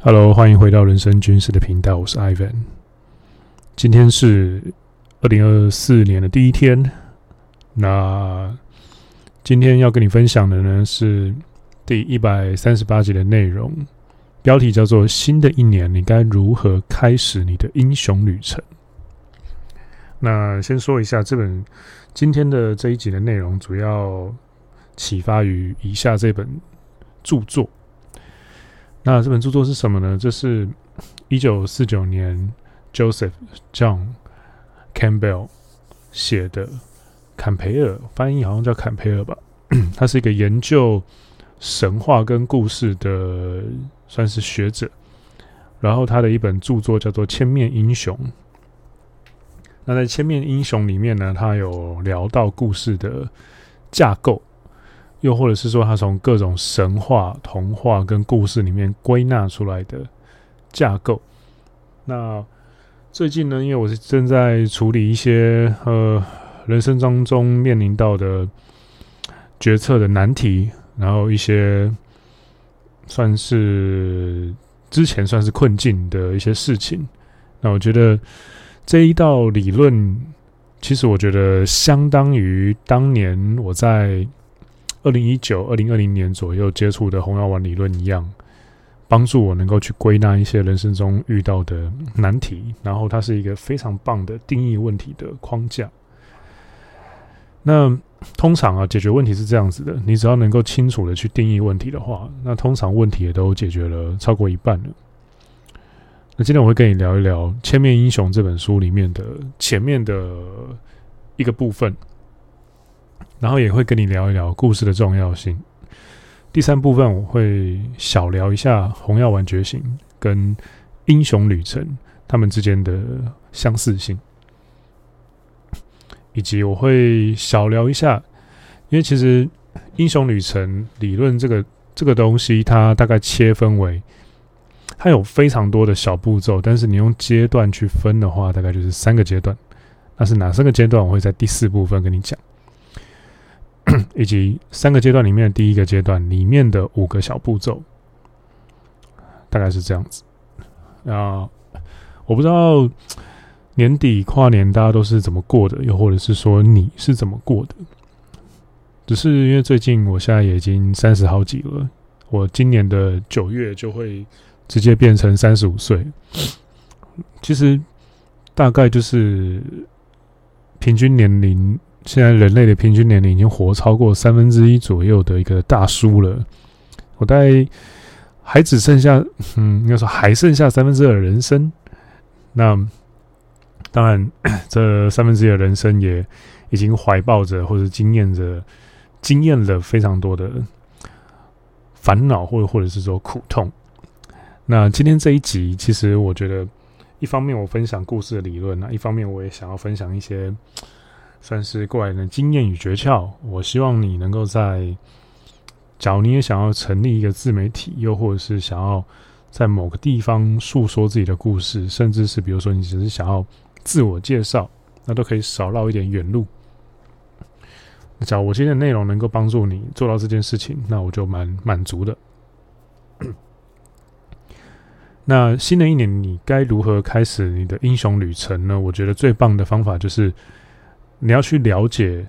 Hello，歡迎回到人生軍事的頻道，我是 Ivan。今天是二零二四年的第一天。那今天要跟你分享的呢是第一百三十八集的內容，標題叫做“新的一年，你該如何開始你的英雄旅程？”那先說一下這本，今天的這一集的內容主要啟發於以下這本著作。那這本著作是什麼呢？這、就是1949年 Joseph John Campbell 寫的，坎培爾翻譯好像叫坎培爾吧。他是一個研究神話跟故事的，算是學者。然後他的一本著作叫做《千面英雄》。那在《千面英雄》裡面呢，他有聊到故事的架構。又或者是說，他從各種神話、童話跟故事裡面歸納出來的架構。那最近呢，因為我是正在處理一些呃人生當中面臨到的決策的難題，然後一些算是之前算是困境的一些事情。那我覺得這一道理論，其實我覺得相當於當年我在。二零一九、二零二零年左右接觸的紅藥丸理論一樣，幫助我能夠去歸納一些人生中遇到的難題，然後它是一個非常棒的定義問題的框架。那通常啊，解決問題是這樣子的，你只要能夠清楚的去定義問題的話，那通常問題也都解決了超過一半了。那今天我會跟你聊一聊《千面英雄》這本書裡面的前面的一個部分。然後也會跟你聊一聊故事的重要性。第三部分我會小聊一下《紅藥丸覺醒》跟《英雄旅程》他們之間的相似性，以及我會小聊一下，因為其實《英雄旅程》理論這個這個東西，它大概切分為，它有非常多的小步驟，但是你用階段去分的話，大概就是三個階段。那是哪三個階段？我會在第四部分跟你講。以及三個階段裡面的第一個階段裡面的五個小步驟，大概是這樣子。然後我不知道年底跨年大家都是怎麼過的，又或者是說你是怎麼過的。只是因為最近我現在也已經三十好幾了，我今年的九月就會直接變成三十五歲。其實大概就是平均年齡。現在人類的平均年齡已經活超過三分之一左右的一個大叔了，我大概還只剩下，嗯，應該說，還剩下三分之二的人生。那當然，這三分之一的人生也已經懷抱着或者經驗着、經驗了非常多的煩惱，或者或者是說苦痛。那今天這一集，其實我覺得一方面我分享故事的理論那，啊，一方面我也想要分享一些，算是過來人的經驗與訣竅。我希望你能夠在，假如你也想要成立一個自媒體，又或者是想要在某個地方訴說自己的故事，甚至是比如說你只是想要自我介紹，那都可以少繞一點遠路。只要我今天的內容能夠幫助你做到這件事情，那我就蠻滿足的。 那新的一年你該如何開始你的英雄旅程呢？我覺得最棒的方法就是。你要去了解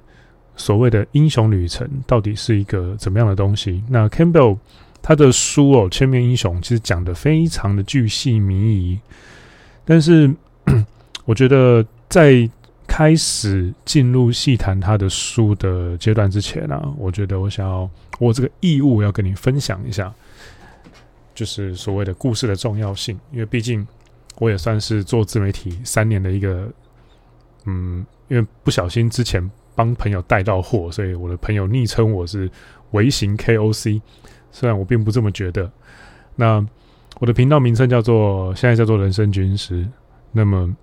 所謂的英雄旅程到底是一個怎麼樣的東西？那 Campbell 他的書哦，《千面英雄》其實講得非常的巨細靡遺，但是我覺得在開始進入細談他的書的階段之前呢、啊，我覺得我想要我這個義務要跟你分享一下，就是所謂的故事的重要性，因為畢竟我也算是做自媒體三年的一個。嗯，因為不小心之前幫朋友帶到貨，所以我的朋友昵稱我是微型 KOC，雖然我並不這麼覺得。那我的頻道名稱叫做現在叫做人生軍師，那麼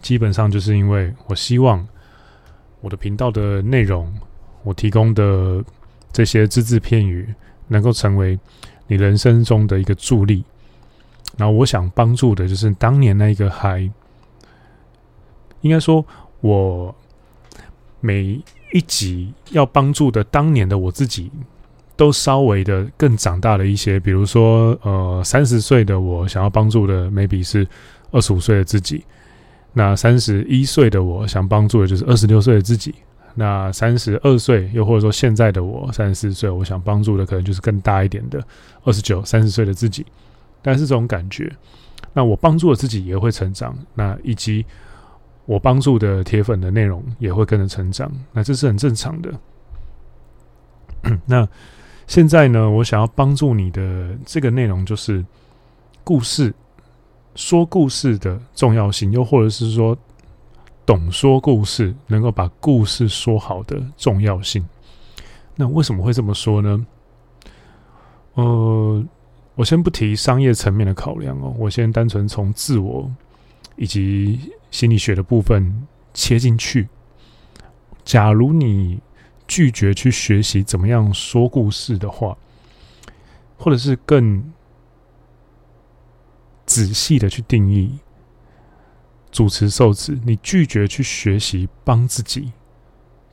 基本上就是因為我希望我的頻道的內容，我提供的這些只字片語，能夠成為你人生中的一個助力。然後我想幫助的就是當年那個還。應該說，我每一集要幫助的當年的我自己，都稍微的更長大了一些。比如說，呃，三十歲的我想要幫助的 maybe 是二十五歲的自己；那三十一歲的我想幫助的就是二十六歲的自己；那三十二歲又或者說現在的我三十四歲，我想幫助的可能就是更大一點的二十九、三十歲的自己。但是這種感覺，那我幫助了自己也會成長，那以及。我幫助的鐵粉的內容也會跟着成長，那這是很正常的。 那現在呢，我想要幫助你的這個內容就是故事，說故事的重要性，又或者是說懂說故事，能夠把故事說好的重要性。那為什麼會這麼說呢？呃，我先不提商業層面的考量哦，我先單純從自我。以及心理學的部分切進去。假如你拒絕去學習怎麼樣說故事的話，或者是更仔細的去定義主持受制，你拒絕去學習幫自己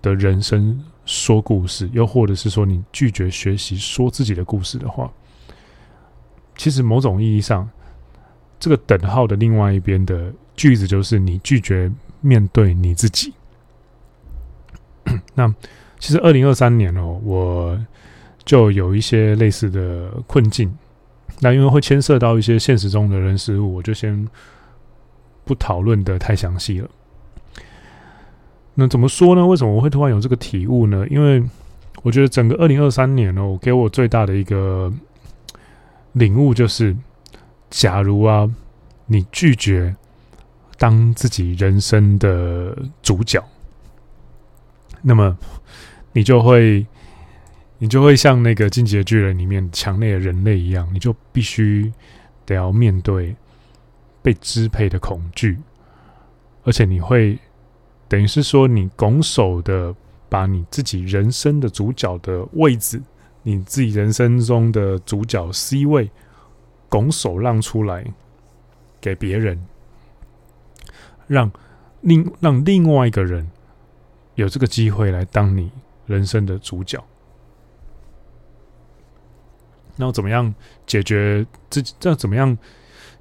的人生說故事，又或者是說你拒絕學習說自己的故事的話，其實某種意義上。這個等號的另外一邊的句子就是你拒絕面對你自己。 那其實二零二三年哦，我就有一些類似的困境。那因為會牽涉到一些現實中的人事物，我就先不討論的太詳細了。那怎麼說呢？為什麼我會突然有這個體悟呢？因為我覺得整個二零二三年哦，我給我最大的一個領悟就是。假如啊，你拒絕當自己人生的主角，那麼你就會，你就會像那個進擊的巨人裡面牆內的人類一樣，你就必須得要面對被支配的恐懼，而且你會等於是說，你拱手的把你自己人生的主角的位置，你自己人生中的主角 C 位，拱手讓出來給別人，讓另讓另外一個人有這個機會來當你人生的主角。那怎麼樣解決自己？這怎麼樣？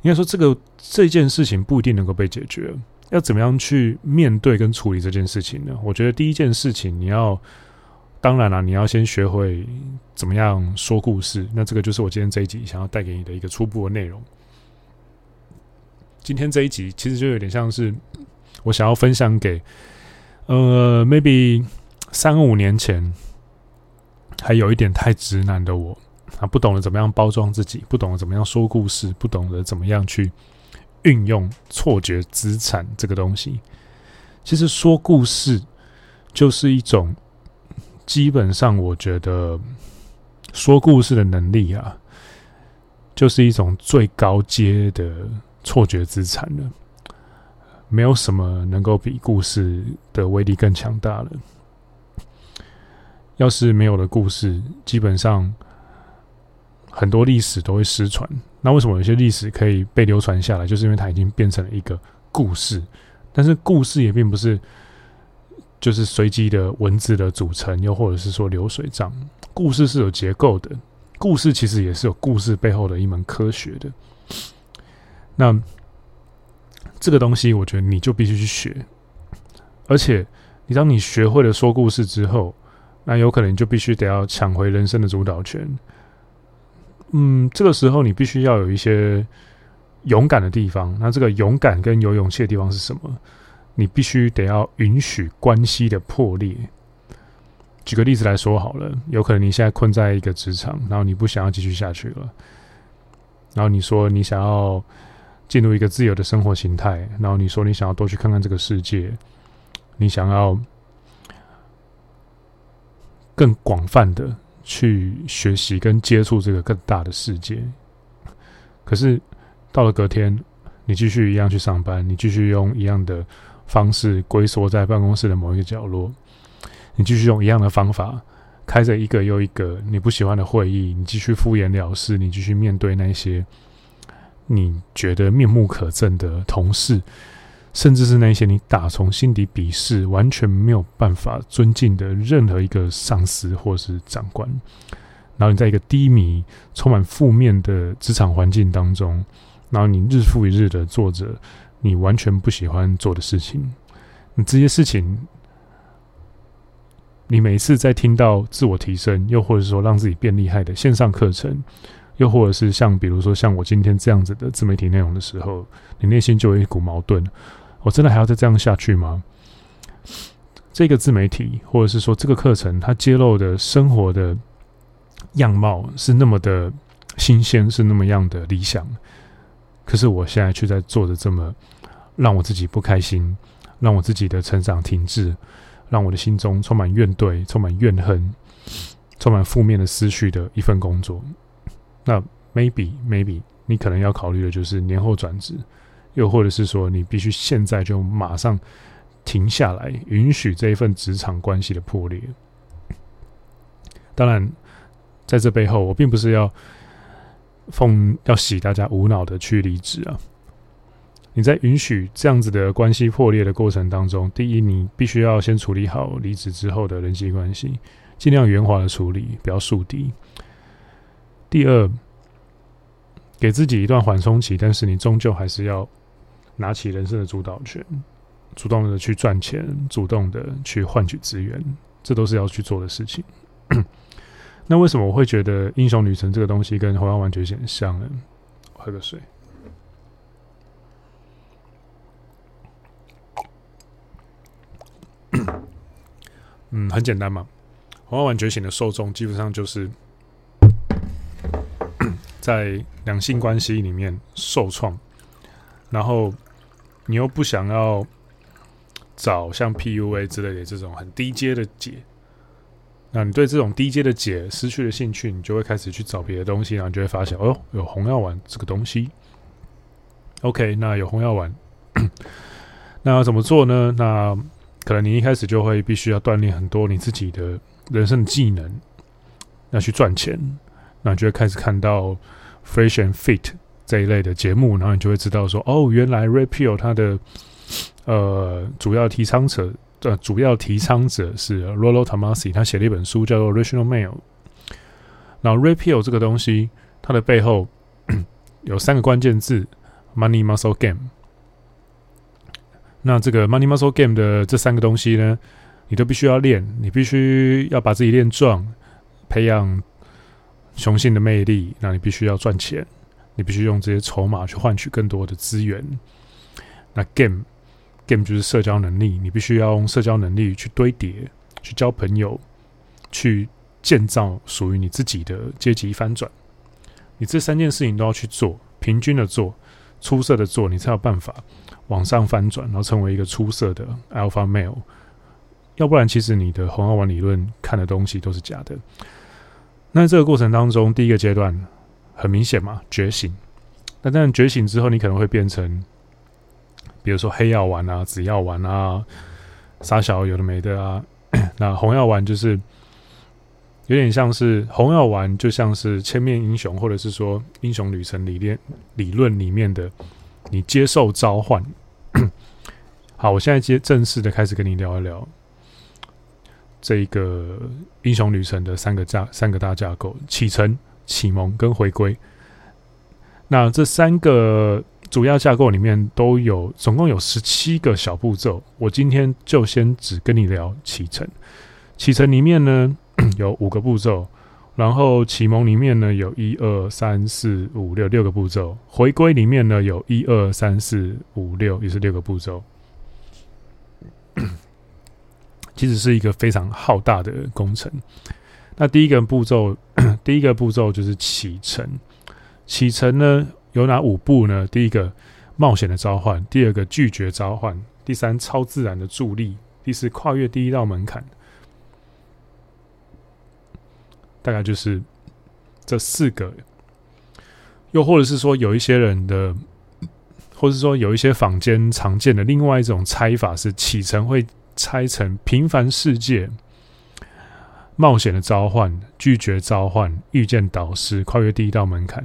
應該說，這個，這個這件事情不一定能夠被解決。要怎麼樣去面對跟處理這件事情呢？我覺得第一件事情你要。當然了啊，你要先學會怎麼樣說故事。那這個就是我今天這一集想要帶給你的一個初步的內容。今天這一集其實就有點像是我想要分享給，呃，maybe 三五年前還有一點太直男的我啊，不懂得怎麼樣包裝自己，不懂得怎麼樣說故事，不懂得怎麼樣去運用錯覺資產這個東西。其實說故事就是一種。基本上，我覺得說故事的能力啊，就是一種最高階的錯覺資產了。沒有什麼能夠比故事的威力更強大了。要是沒有了故事，基本上很多歷史都會失傳。那為什麼有些歷史可以被流傳下來？就是因為它已經變成了一個故事。但是故事也並不是。就是隨機的文字的組成，又或者是說流水賬。故事是有結構的，故事其實也是有故事背後的一門科學的。那這個東西，我覺得你就必須去學。而且，你當你學會了說故事之後，那有可能你就必須得要搶回人生的主導權。嗯，這個時候你必須要有一些勇敢的地方。那這個勇敢跟有勇氣的地方是什麼？你必須得要允許關係的破裂。舉個例子來說好了，有可能你現在困在一個職場，然後你不想要繼續下去了，然後你說你想要進入一個自由的生活形態，然後你說你想要多去看看這個世界，你想要更廣泛的去學習跟接觸這個更大的世界。可是到了隔天，你繼續一樣去上班，你繼續用一樣的。方式龜縮在辦公室的某一個角落，你繼續用一樣的方法，開着一個又一個你不喜歡的會議，你繼續敷衍了事，你繼續面對那些你覺得面目可憎的同事，甚至是那些你打從心底鄙視、完全沒有辦法尊敬的任何一個上司或是長官。然後你在一個低迷、充滿負面的職場環境當中，然後你日復一日的坐着。你完全不喜歡做的事情，你這些事情，你每一次在聽到自我提升，又或者是說讓自己變厲害的線上課程，又或者是像比如說像我今天這樣子的自媒體內容的時候，你內心就有一股矛盾：我真的還要再這樣下去嗎？這個自媒體，或者是說這個課程，它揭露的生活的樣貌是那麼的新鮮，是那麼樣的理想。可是我現在卻在做著這麼讓我自己不開心，讓我自己的成長停滯，讓我的心中充滿怨懟、充滿怨恨、充滿負面的思緒的一份工作。那 maybe maybe 你可能要考慮的就是年後轉職，又或者是說你必須現在就馬上停下來，允許這一份職場關係的破裂。當然，在這背後，我並不是要。奉要洗大家無腦的去離職啊！你在允許這樣子的關係破裂的過程當中，第一，你必須要先處理好離職之後的人際關係，盡量圓滑的處理，不要樹敵。第二，給自己一段緩衝期，但是你終究還是要拿起人生的主導權，主動的去賺錢，主動的去換取資源，這都是要去做的事情。 那為什麼我會覺得《英雄旅程》這個東西跟《紅藥丸覺醒》很像呢？喝個水。嗯，很簡單嘛，《紅藥丸覺醒》的受眾基本上就是在兩性關係裡面受創，然後你又不想要找像 PUA 之類的這種很低階的解。那你對這種低階的解失去了興趣，你就會開始去找別的東西，然後你就會發現，哦，有紅藥丸這個東西。OK，那有紅藥丸， 那要怎麼做呢？那可能你一開始就會必須要鍛鍊很多你自己的人生技能，那去賺錢，那你就會開始看到 Fresh and Fit 這一類的節目，然後你就會知道說，哦，原來 Red Pill 它的。呃，主要提倡者的、呃、主要的提倡者是 Rollo Tomassi，他寫了一本書叫做《Rational Male》。那 Red Pill 這個東西，它的背後有三個關鍵字：Money、Muscle、Game。那這個 Money、Muscle、Game 的這三個東西呢，你都必須要練，你必須要把自己練壯，培養雄性的魅力。那你必須要賺錢，你必須用這些籌碼去換取更多的資源。那 Game。game 就是社交能力，你必須要用社交能力去堆疊，去交朋友，去建造屬於你自己的階級翻轉。你這三件事情都要去做，平均的做，出色的做，你才有辦法往上翻轉，然後成為一個出色的 alpha male。要不然，其實你的紅藥丸理論看的東西都是假的。那這個過程當中，第一個階段很明顯嘛，覺醒。那但，但覺醒之後，你可能會變成。比如說黑藥丸啊、紫藥丸啊、傻小有的沒的啊， 那紅藥丸就是有點像是紅藥丸，就像是《千面英雄》或者是說《英雄旅程理念》裡面理論裡面的你接受召喚。 好，我現在接正式的開始跟你聊一聊這一個《英雄旅程》的三個架三個大架構：啟程、啟蒙跟回歸。那這三個。主要架構裡面都有，總共有十七個小步驟。我今天就先只跟你聊啟程。啟程裡面呢，有五個步驟，然後啟蒙裡面呢，有一二三四五六六個步驟，回歸裡面呢，有一二三四五六也是六個步驟。其實是一個非常浩大的工程。那第一個步驟，第一個步驟就是啟程。啟程呢，有哪五步呢？第一個，冒險的召喚；第二個，拒絕召喚；第三，超自然的助力；第四，跨越第一道門檻。大概就是這四個。又或者是說，有一些人的，或者是說有一些坊間常見的另外一種拆法是：啟程會拆成平凡世界、冒險的召喚、拒絕召喚、遇見導師、跨越第一道門檻。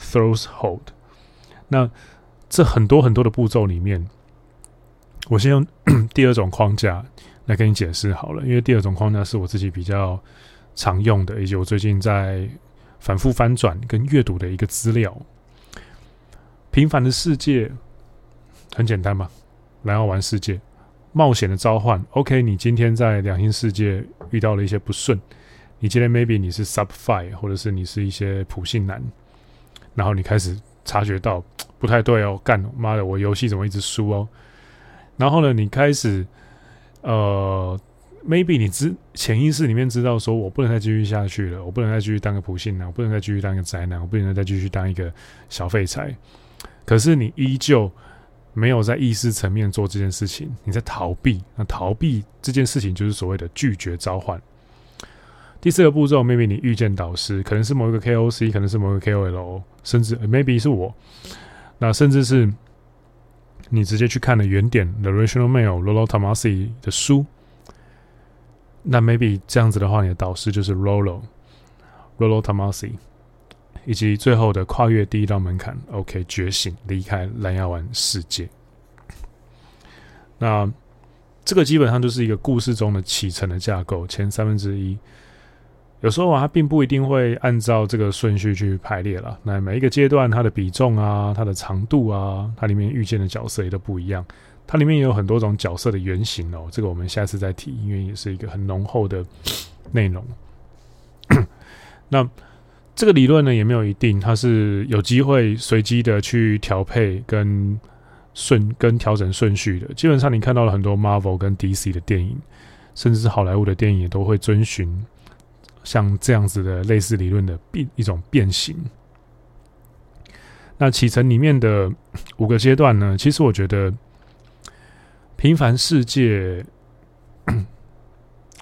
Throws hold。那這很多很多的步驟裡面，我先用第二種框架來跟你解釋好了，因為第二種框架是我自己比較常用的，以及我最近在反覆翻轉跟閱讀的一個資料。平凡的世界很簡單嘛，然後玩世界，冒險的召喚。OK，你今天在兩性世界遇到了一些不順，你今天 maybe 你是 sub five 或者是你是一些普信男。然後你開始察覺到不太對哦，幹，媽的，我遊戲怎麼一直輸哦？然後呢，你開始呃，maybe 你知，潛意識裡面知道說我不能再繼續下去了，我不能再繼續當個普信男，啊，我不能再繼續當個宅男，我不能再繼續當一個小廢柴。可是你依舊沒有在意識層面做這件事情，你在逃避。那逃避這件事情就是所謂的拒絕召喚。第四個步驟，maybe 你遇見導師，可能是某一個 KOC，可能是某一個 KOL，甚至、欸、maybe 是我，那甚至是你直接去看了原點，《The Rational Male》、Rollo Tomassi 的書。那 maybe 這樣子的話，你的導師就是 Rollo、Rollo Tomassi，以及最後的跨越第一道門檻，OK，覺醒，離開藍藥丸世界。那這個基本上就是一個故事中的啟程的架構，前三分之一。有時候啊，它並不一定會按照這個順序去排列了。那每一個階段，它的比重啊，它的長度啊，它裡面遇見的角色也都不一樣。它裡面也有很多種角色的原型哦。這個我們下次再提，因為也是一個很濃厚的內容。 那這個理論呢，也沒有一定，它是有機會隨機的去調配跟順跟調整順序的。基本上，你看到了很多 Marvel 跟 DC 的電影，甚至是好萊塢的電影，也都會遵循。像這樣子的類似理論的變一種變形。那啟程裡面的五個階段呢？其實我覺得，平凡世界，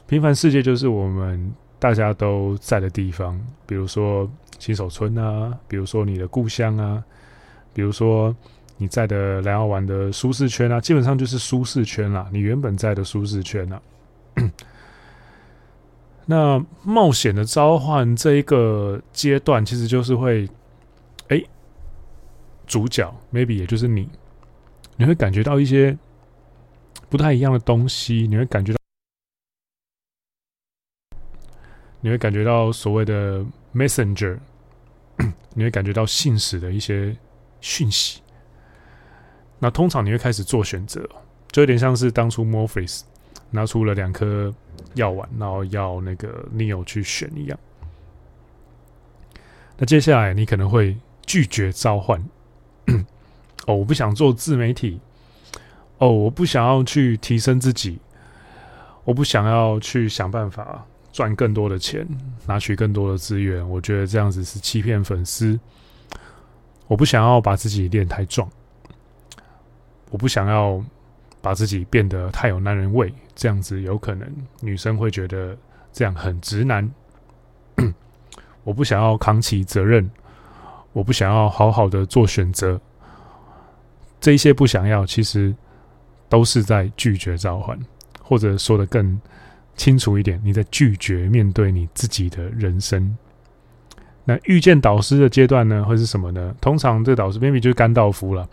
平凡世界就是我們大家都在的地方。比如說新手村啊，比如說你的故鄉啊，比如說你在的藍澳玩的舒適圈啊，基本上就是舒適圈啦、啊。你原本在的舒適圈啊。那冒險的召喚這一個階段，其實就是會，哎，主角 maybe 也就是你，你會感覺到一些不太一樣的東西，你會感覺到，你會感覺到所謂的 Messenger，你會感覺到信使的一些訊息。那通常你會開始做選擇，就有點像是當初 Morpheus 拿出了兩顆。要玩，然後要那個 Neo 去選一樣。那接下來你可能會拒絕召喚。 哦，我不想做自媒體哦，我不想要去提升自己，我不想要去想辦法賺更多的錢，拿取更多的資源。我覺得這樣子是欺騙粉絲。我不想要把自己練太壯，我不想要把自己變得太有男人味。這樣子有可能女生會覺得這樣很直男， 我不想要扛起責任，我不想要好好的做選擇，這一些不想要，其實都是在拒絕召喚，或者說的更清楚一點，你在拒絕面對你自己的人生。那遇見導師的階段呢，會是什麼呢？通常這導師偏 a b，就是甘道夫了，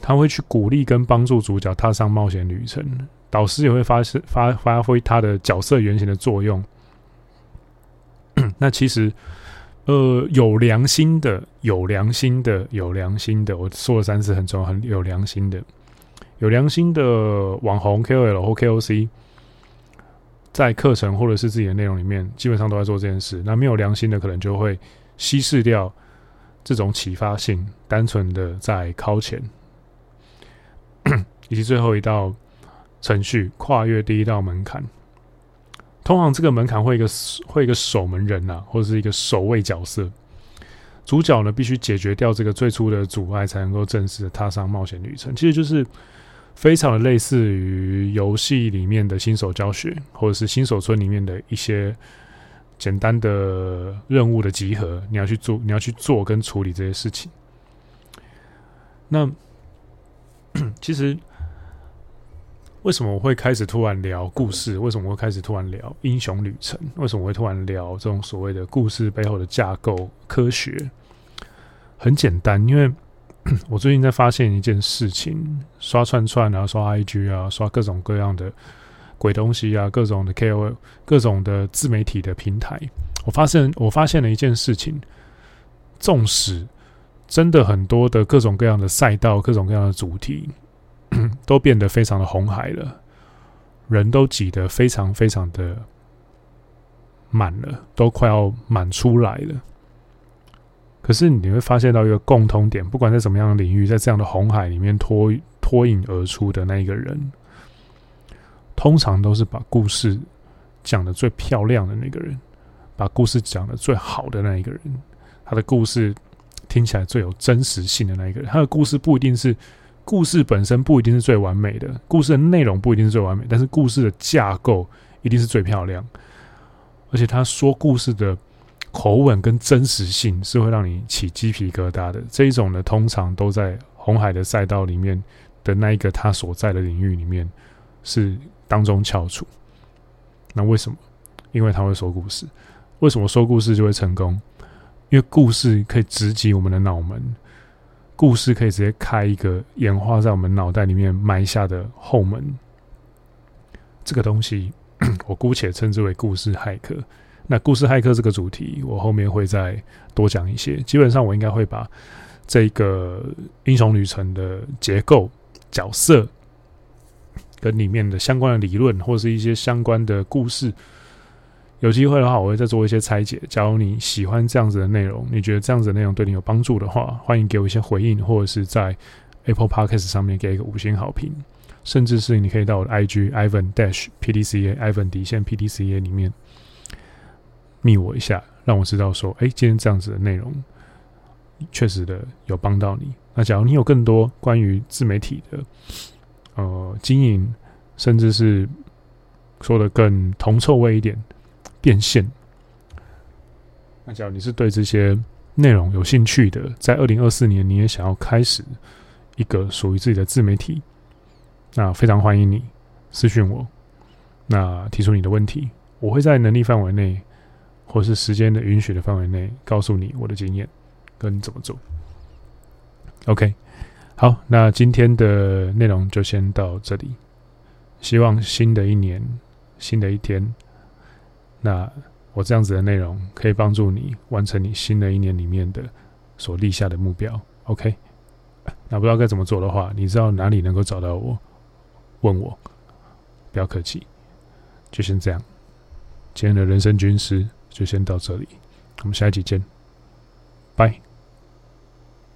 他會去鼓勵跟幫助主角踏上冒險旅程。導師也會發發發揮他的角色原型的作用。 那其實，呃，有良心的、有良心的、有良心的，我說了三次，很重要，很有良心的、有良心的網紅 KOL 或 KOC，在課程或者是自己的內容裡面，基本上都在做這件事。那沒有良心的，可能就會稀釋掉這種啟發性，單純的在靠前， 以及最後一道。程序跨越第一道門檻，通常這個門檻會一個會一個守門人吶、啊，或者是一個守衛角色。主角呢必須解決掉這個最初的阻礙，才能夠正式的踏上冒險旅程。其實就是非常的類似於遊戲裡面的新手教學，或者是新手村裡面的一些簡單的任務的集合。你要去做，你要去做跟處理這些事情。那其實。為什麼我會開始突然聊故事？為什麼我會開始突然聊英雄旅程？為什麼我會突然聊這種所謂的故事背後的架構科學？很簡單，因為我最近在發現一件事情：刷串串啊，刷 IG 啊，刷各種各樣的鬼東西啊，各種的 KOL，各種的自媒體的平台，我發現，我發現了一件事情：縱使真的很多的各種各樣的賽道，各種各樣的主題。都變得非常的紅海了，人都擠得非常非常的滿了，都快要滿出來了。可是你會發現到一個共通點，不管在什麼樣的領域，在這樣的紅海裡面脫脫穎而出的那一個人，通常都是把故事講得最漂亮的那個人，把故事講得最好的那一個人，他的故事聽起來最有真實性的那一個人，他的故事不一定是。故事本身不一定是最完美的，故事的內容不一定是最完美，但是故事的架構一定是最漂亮。而且他說故事的口吻跟真實性是會讓你起雞皮疙瘩的這一種呢，通常都在紅海的賽道裡面的那一個他所在的領域裡面是當中翹楚。那為什麼？因為他會說故事。為什麼說故事就會成功？因為故事可以直擊我們的腦門。故事可以直接開一個演化在我們腦袋裡面埋下的後門，這個東西 我姑且稱之為故事駭客。那故事駭客這個主題，我後面會再多講一些。基本上，我應該會把這個英雄旅程的結構、角色跟裡面的相關的理論，或是一些相關的故事。有機會的話，我會再做一些拆解。假如你喜歡這樣子的內容，你覺得這樣子的內容對你有幫助的話，歡迎給我一些回應，或者是在 Apple Podcast 上面給一個五星好評，甚至是你可以到我的 IG Iven Dash P D C A Iven 底線 P D C A 裡面密我一下，讓我知道說，哎、欸，今天這樣子的內容確實的有幫到你。那假如你有更多關於自媒體的呃經營，甚至是說的更銅臭味一點。變現。那假如你是對這些內容有興趣的，在二零二四年你也想要開始一個屬於自己的自媒體，那非常歡迎你私訊我，那提出你的問題，我會在能力範圍內，或是時間的允許的範圍內，告訴你我的經驗跟怎麼做。OK，好，那今天的內容就先到這裡。希望新的一年，新的一天。那我這樣子的內容可以幫助你完成你新的一年裡面的所立下的目標，OK？那不知道該怎麼做的話，你知道哪裡能夠找到我？問我，不要客氣。就先這樣，今天的人生軍師就先到這裡，我們下一集見，拜。